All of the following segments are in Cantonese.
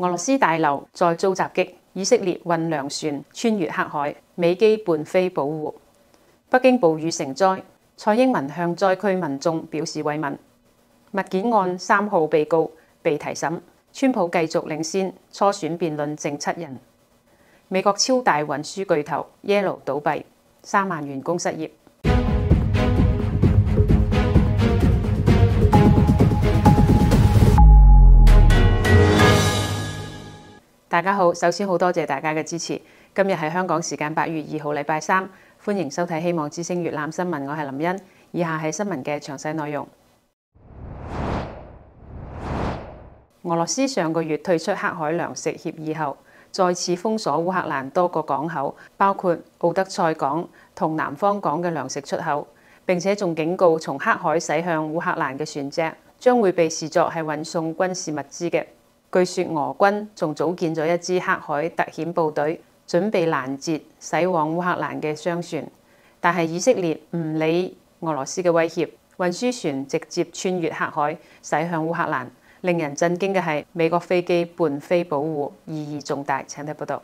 俄羅斯大樓再遭襲擊，以色列運糧船穿越黑海，美機伴飛保護。北京暴雨成災，蔡英文向災區民眾表示慰問。密件案三號被告被提審。川普繼續領先，初選辯論，剩七人。美國超大運輸巨頭 Yellow 倒閉，三萬員工失業。大家好，首先好多謝大家嘅支持。今日係香港時間八月二號，禮拜三，歡迎收睇《希望之聲粵覽新聞》。我係林茵，以下係新聞嘅詳細內容。俄羅斯上個月退出黑海糧食協議後，再次封鎖烏克蘭多個港口，包括奧德賽港同南方港嘅糧食出口，並且仲警告從黑海駛向烏克蘭嘅船隻將會被視作係運送軍事物資嘅。據說俄軍仲組建咗一支黑海特遣部隊，準備攔截駛往烏克蘭嘅商船。但係以色列唔理俄羅斯嘅威脅，運輸船直接穿越黑海駛向烏克蘭。令人震驚嘅係，美國飛機伴飛保護，意義重大。請睇報道。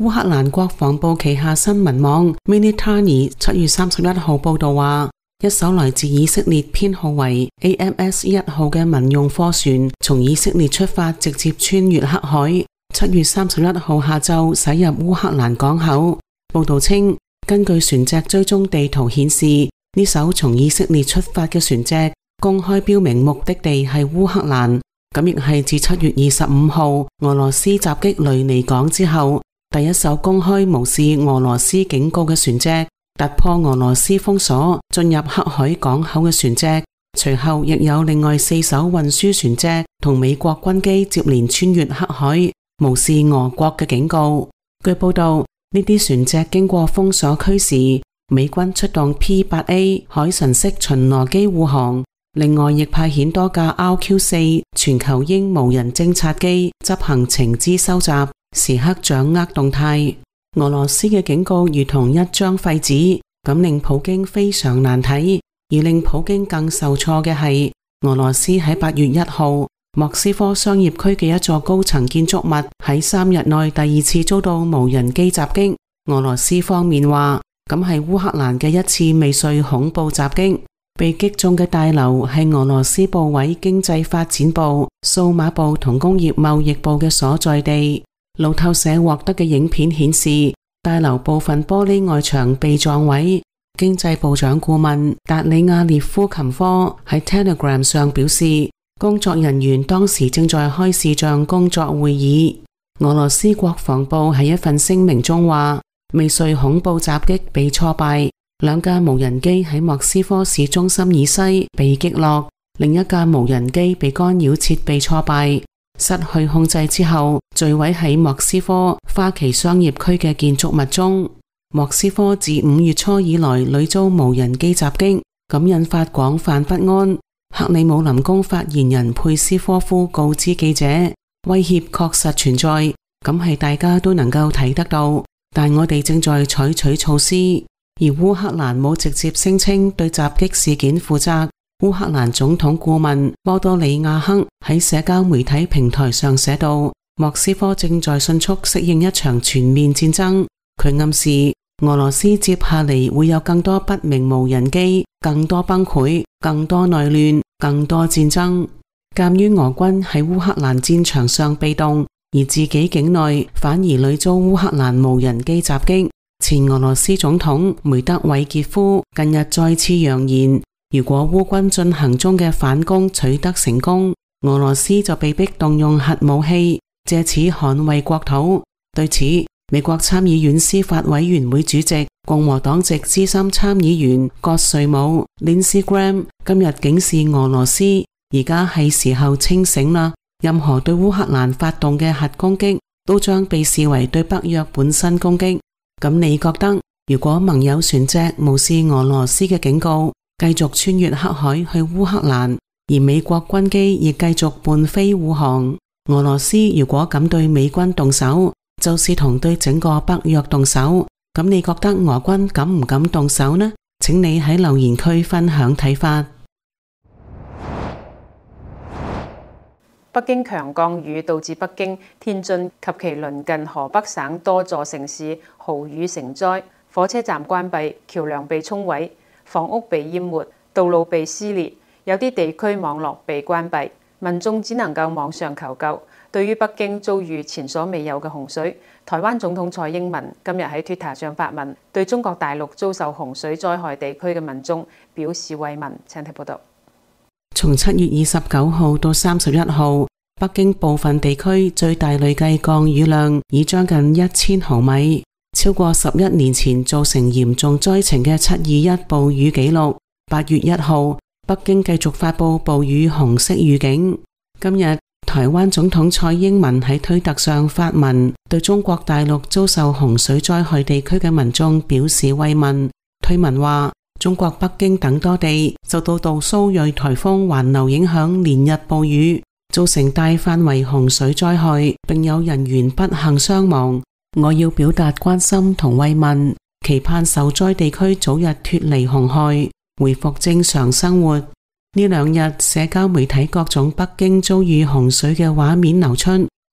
烏克蘭國防部旗下新聞網 Minutny 七月三十一號報道話。一艘來自以色列編號為 AMS 一號嘅民用貨船，從以色列出發，直接穿越黑海，七月三十一號下晝駛入烏克蘭港口。報道稱，根據船隻追蹤地圖顯示，呢艘從以色列出發嘅船隻公開標明目的地係烏克蘭。咁亦係自七月二十五號俄羅斯襲擊雷尼港之後，第一艘公開無視俄羅斯警告嘅船隻。突破俄羅斯封鎖進入黑海港口嘅船隻，隨後亦有另外四艘運輸船隻同美國軍機接連穿越黑海，無視俄國嘅警告。據報道，呢啲船隻經過封鎖區時，美軍出動 P-8A 海神式巡邏機護航，另外亦派遣多架 RQ-4 全球鷹無人偵察機執行情資收集，時刻掌握動態。俄羅斯嘅警告如同一張廢紙，咁令普京非常難睇，而令普京更受挫嘅係俄羅斯喺八月一號，莫斯科商業區嘅一座高層建築物喺三日內第二次遭到無人機襲擊。俄羅斯方面話，咁係烏克蘭嘅一次未遂恐怖襲擊。被擊中嘅大樓係俄羅斯部委經濟發展部、數碼部同工業貿易部嘅所在地。路透社獲得嘅影片顯示，大樓部分玻璃外牆被撞毀。經濟部長顧問達里亞列夫琴科喺 Telegram 上表示，工作人員當時正在開視像工作會議。俄羅斯國防部喺一份聲明中話，未遂恐怖襲擊被挫敗。兩架無人機喺莫斯科市中心以西被擊落，另一架無人機被干擾，設備挫敗。失去控制之後，墜毀喺莫斯科花旗商業區嘅建築物中。莫斯科自五月初以來屢遭無人機襲擊，咁引發廣泛不安。克里姆林宮發言人佩斯科夫告知記者，威脅確實存在，咁係大家都能夠睇得到，但我哋正在採取措施。而烏克蘭冇直接聲稱對襲擊事件負責。烏克蘭總統顧問波多利亞克喺社交媒體平台上寫道，莫斯科正在迅速適應一場全面戰爭。佢暗示俄羅斯接下嚟，會有更多不明無人機、更多崩潰、更多內亂、更多戰爭。鑒於俄軍喺烏克蘭戰場上被動，而自己境內反而屢遭烏克蘭無人機襲擊，前俄羅斯總統梅德韋傑夫近日再次揚言。如果烏軍進行中嘅反攻取得成功，俄羅斯就被迫動用核武器，借此捍衛國土。對此，美國參議院司法委員會主席、共和黨籍資深參議員葛瑞姆 （Lindsey Graham） 今日警示俄羅斯，而家係時候清醒啦！任何對烏克蘭發動嘅核攻擊，都將被視為對北約本身攻擊。咁你覺得，如果盟友船隻無視俄羅斯嘅警告，繼續穿越黑海去烏克蘭，而美國軍機亦繼續伴飛護航。俄羅斯如果敢對美軍動手，就是同對整個北約動手。咁你覺得俄軍敢唔敢動手呢？請你喺留言區分享睇法。北京強降雨導致北京、天津及其鄰近河北省多座城市豪雨成災，火車站關閉，橋樑被沖毀。房屋被淹沒，道路被撕裂，有啲地區網絡被關閉，民眾只能夠網上求救。對於北京遭遇前所未有嘅洪水，台灣總統蔡英文今日喺 Twitter 上發文，對中國大陸遭受洪水災害地區嘅民眾表示慰問。請睇報道。從七月二十九號到三十一號，北京部分地區最大累計降雨量已將近一千毫米。超過十一年前造成嚴重災情嘅七二一暴雨紀錄，八月一號北京繼續發布暴雨紅色預警。今日台灣總統蔡英文喺推特上發文，對中國大陸遭受洪水災害地區嘅民眾表示慰問。推文話：中國北京等多地受到杜蘇芮台風環流影響，連日暴雨，造成大範圍洪水災害，並有人員不幸傷亡。我要表達關心同慰問，期盼受災地區早日脫離洪害，回復正常生活。呢兩日，社交媒體各種北京遭遇洪水嘅畫面流出，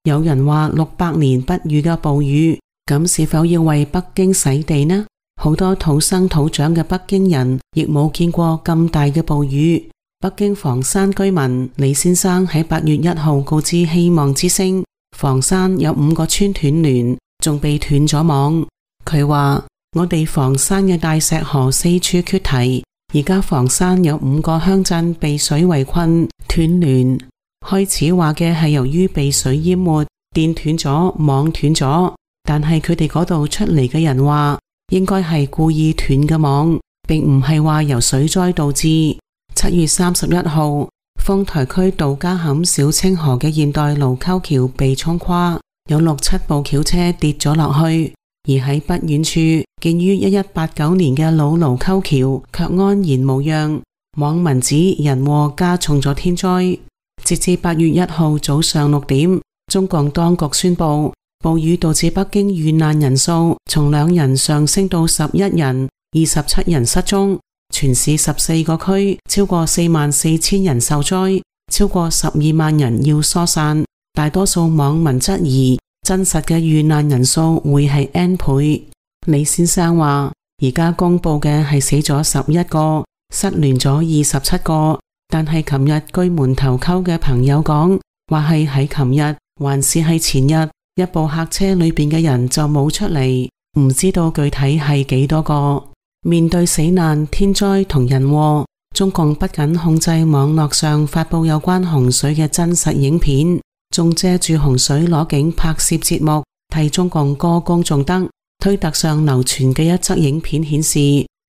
有人話六百年不遇嘅暴雨，咁是否要為北京洗地呢？好多土生土長嘅北京人亦冇見過咁大嘅暴雨。北京房山居民李先生喺八月一號告知《希望之聲》，房山有五個村斷聯。仲被斷咗網，佢話我哋房山嘅大石河四處決堤，而家房山有五個鄉鎮被水圍困斷聯。開始話嘅係由於被水淹沒，電斷咗網斷咗，但係佢哋嗰度出嚟嘅人話，應該係故意斷嘅網，並唔係話由水災導致。七月三十一號，豐台區杜家坎小清河嘅現代盧溝橋被沖垮。有六七部轎車跌咗落去，而喺不遠處建於一一八九年嘅老盧溝橋卻安然無恙。網民指人禍加重咗天災。截至八月一號早上六點，中共當局宣布，暴雨導致北京遇難人數從兩人上升到十一人，二十七人失蹤，全市十四個區超過四萬四千人受災，超過十二萬人要疏散。大多數網民質疑真實嘅遇難人數會係 n 倍。李先生話，而家公布嘅係死咗十一個，失聯咗二十七個。但係琴日據門頭溝嘅朋友講，話係喺琴日，還是係前日，一部客車裏邊嘅人就冇出嚟，唔知道具體係幾多個。面對死難、天災同人禍，中共不僅控制網絡上發布有關洪水嘅真實影片。仲借住洪水攞景拍攝節目，替中共歌功頌德。推特上流傳嘅一則影片顯示，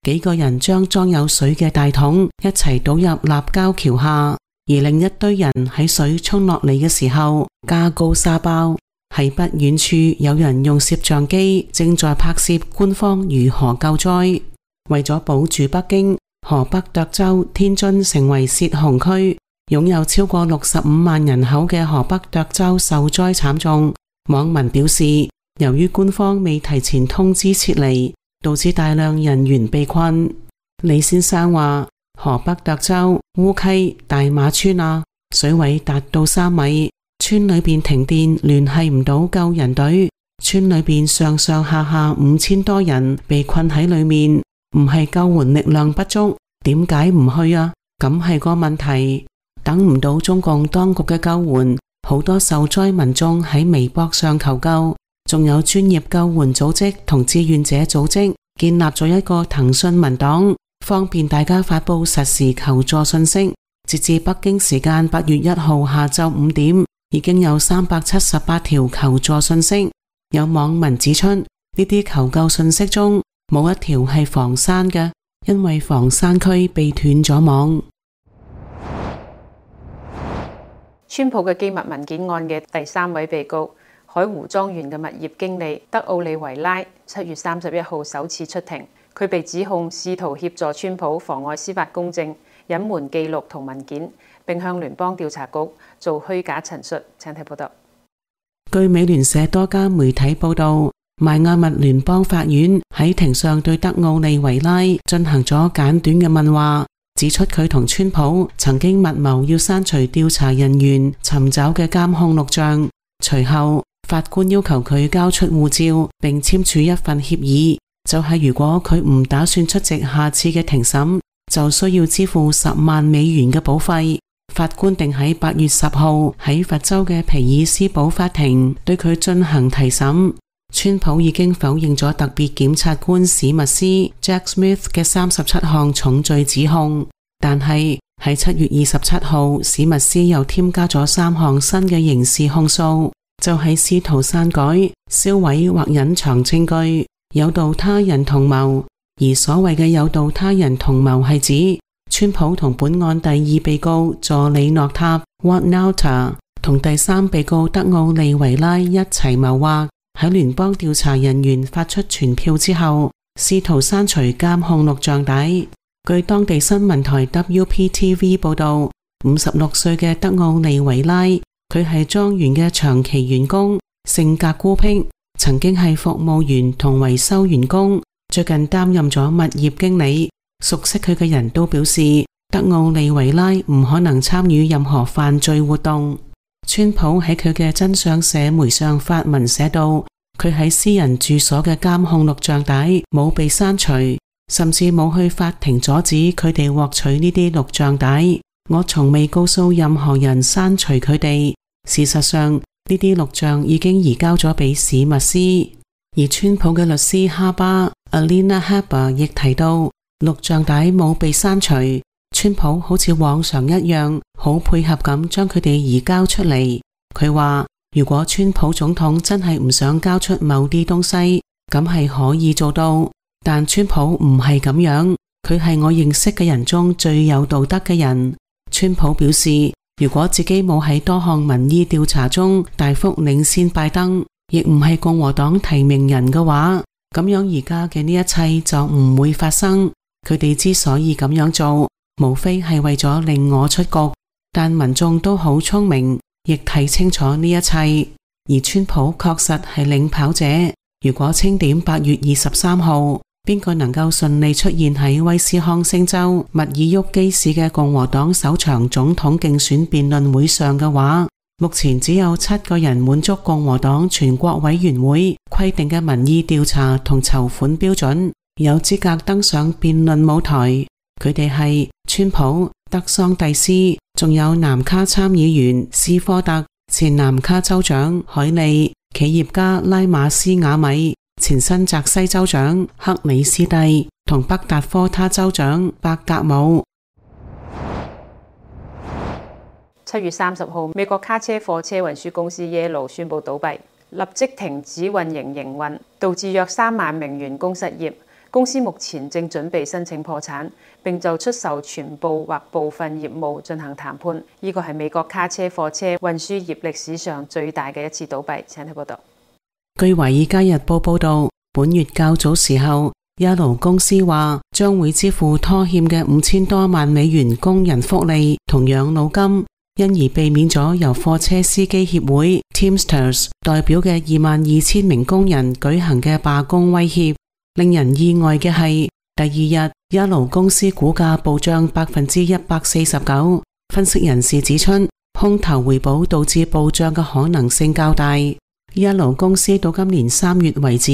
幾個人將裝有水嘅大桶一齊倒入立交橋下，而另一堆人喺水沖落嚟嘅時候加高沙包。喺不遠處，有人用攝像機正在拍攝官方如何救災。為咗保住北京、河北、涿州、天津，成為洩洪區。擁有超過六十五萬人口嘅河北涿州受災慘重，網民表示，由於官方未提前通知撤離，導致大量人員被困。李先生話：河北涿州烏溪大馬村啊，水位達到三米，村裏邊停電，聯繫唔到救人隊，村裏邊上上下下五千多人被困喺裏面，唔係救援力量不足，點解唔去啊？咁係個問題。等唔到中共當局嘅救援，好多受災民眾喺微博上求救，仲有專業救援組織同志願者組織建立咗一個騰訊文檔，方便大家發布實時求助信息。截至北京時間八月一號下晝五點，已經有三百七十八條求助信息。有網民指出，呢啲求救信息中冇一條係房山嘅，因為房山區被斷咗網。川普嘅機密文件案嘅第三位被告，海湖莊園嘅物業經理德奧利維拉，七月三十一號首次出庭。佢被指控試圖協助川普妨礙司法公正、隱瞞記錄同文件，並向聯邦調查局做虛假陳述。請睇報道。據美聯社多家媒體報道，邁阿密聯邦法院喺庭上對德奧利維拉進行咗簡短嘅問話。指出佢同川普曾經密謀要刪除調查人員尋找嘅監控錄像。隨後法官要求佢交出護照，並簽署一份協議，就係如果佢唔打算出席下次嘅庭審，就需要支付十萬美元嘅保費。法官定喺八月十號喺佛州嘅皮爾斯堡法庭對佢進行提審。川普已經否認咗特別檢察官史密斯 Jack Smith 嘅三十七項重罪指控。但係喺七月二十七號，史密斯又添加咗三項新嘅刑事控訴，就係試圖刪改、銷毀或隱藏證據，誘導他人同謀。而所謂嘅誘導他人同謀，係指川普同本案第二被告助理諾塔 Walt Nauta 同第三被告德奧利維拉一齊謀劃，喺聯邦調查人員發出傳票之後，試圖刪除監控錄像帶。據當地新聞台 WPTV 報道，五十六歲嘅德奧利維拉，佢係莊園嘅長期員工，性格孤僻，曾經係服務員同維修員工，最近擔任咗物業經理。熟悉佢嘅人都表示，德奧利維拉唔可能參與任何犯罪活動。川普喺佢嘅真相社媒上發文寫道，佢喺私人住所嘅監控錄像帶冇被刪除。甚至冇去法庭阻止佢哋獲取呢啲錄像帶，我從未告訴任何人刪除佢哋。事實上，呢啲錄像已經移交咗俾史密斯。而川普嘅律師哈巴阿蓮娜哈巴亦提到，錄像帶冇被刪除。川普好似往常一樣，好配合咁將佢哋移交出嚟。佢話如果川普總統真係唔想交出某啲東西，咁係可以做到。但川普唔係咁樣，佢係我認識嘅人中最有道德嘅人。川普表示，如果自己冇喺多項民意調查中大幅領先拜登，亦唔係共和黨提名人嘅話，咁樣而家嘅呢一切就唔會發生。佢哋之所以咁樣做，無非係為咗令我出局。但民眾都好聰明，亦睇清楚呢一切。而川普確實係領跑者。如果清點八月二十三號。邊個能夠順利出現喺威斯康星州密爾沃基市嘅共和黨首場總統競選辯論會上嘅話，目前只有七個人滿足共和黨全國委員會規定嘅民意調查同籌款標準，有資格登上辯論舞台。佢哋係川普、德桑蒂斯，仲有南卡參議員斯科特、前南卡州長海利、企業家拉馬斯瓦米。前新澤西州長克里斯蒂同北達科他州長伯格姆。七月三十號，美國卡車貨車運輸公司 Yellow 宣佈倒閉，立即停止運營營運，導致約三萬名員工失業。公司目前正準備申請破產，並就出售全部或部分業務進行談判。呢個係美國卡車貨車運輸業歷史上最大嘅一次倒閉。請睇報道。據《華爾街日報》報道，本月較早時候，Yellow 公司話將會支付拖欠嘅五千多萬美元工人福利同養老金，因而避免咗由貨車司機協會 （Teamsters） 代表嘅二萬二千名工人舉行嘅罷工威脅。令人意外嘅係，第二日 Yellow 公司股價暴漲百分之一百四十九，分析人士指出，空頭回補導致暴漲嘅可能性較大。Yellow 公司到今年三月為止，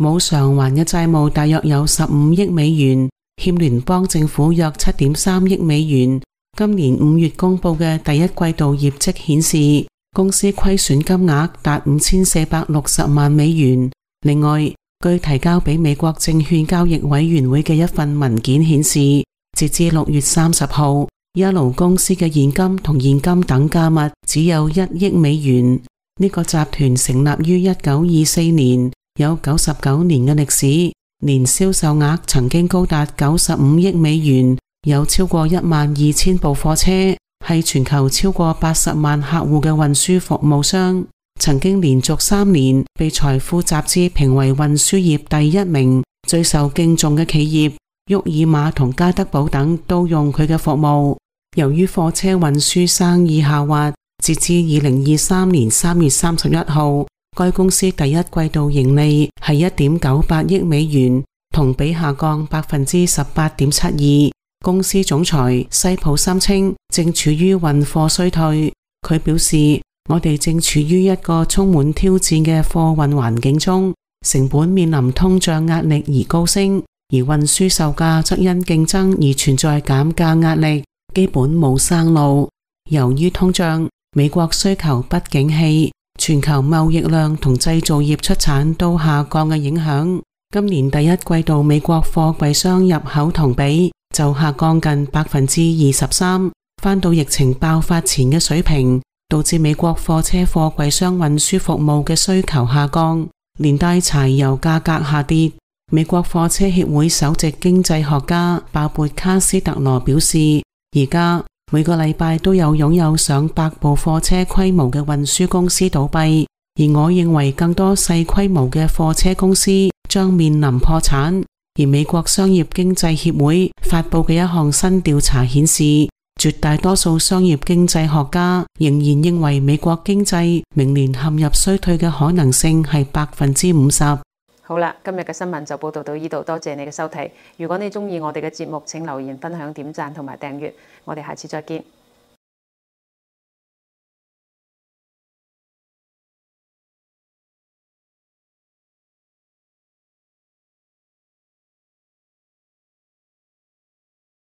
冇償還嘅債務大約有十五億美元，欠聯邦政府約七點三億美元。今年五月公布嘅第一季度業績顯示，公司虧損金額達五千四百六十萬美元。另外，據提交俾美國證券交易委員會嘅一份文件顯示，截至六月三十號，Yellow 公司嘅現金同現金等價物只有一億美元。呢個集團成立於一九二四年，有九十九年嘅歷史，年銷售額曾經高達九十五億美元，有超過一萬二千部貨車，係全球超過八十萬客戶嘅運輸服務商。曾經連續三年被《財富》雜誌評為運輸業第一名、最受敬重嘅企業。沃爾瑪同加德寶等都用佢嘅服務。由於貨車運輸生意下滑。截至二零二三年三月三十一號，該公司第一季度盈利係一點九八億美元，同比下降百分之十八點七二。公司總裁西普三稱，正處於運貨衰退。佢表示：我哋正處於一個充滿挑戰嘅貨運環境中，成本面臨通脹壓力而高升，而運輸售價則因競爭而存在減價壓力，基本冇生路。由於通脹。美國需求不景氣、全球貿易量同製造業出產都下降嘅影響，今年第一季度美國貨櫃箱入口同比就下降近百分之二十三，返到疫情爆發前嘅水平，導致美國貨車貨櫃箱運輸服務嘅需求下降，連帶柴油價格下跌。美國貨車協會首席經濟學家鮑勃卡斯特羅表示，而家。每個禮拜都有擁有上百部貨車規模嘅運輸公司倒閉，而我認為更多細規模嘅貨車公司將面臨破產。而美國商業經濟協會發布嘅一項新調查顯示，絕大多數商業經濟學家仍然認為美國經濟明年陷入衰退嘅可能性係百分之五十。好啦，今日嘅新聞就報道到呢度，多謝你嘅收睇。如果你中意我哋嘅節目，請留言、分享、點讚同埋訂閱。我哋下次再見。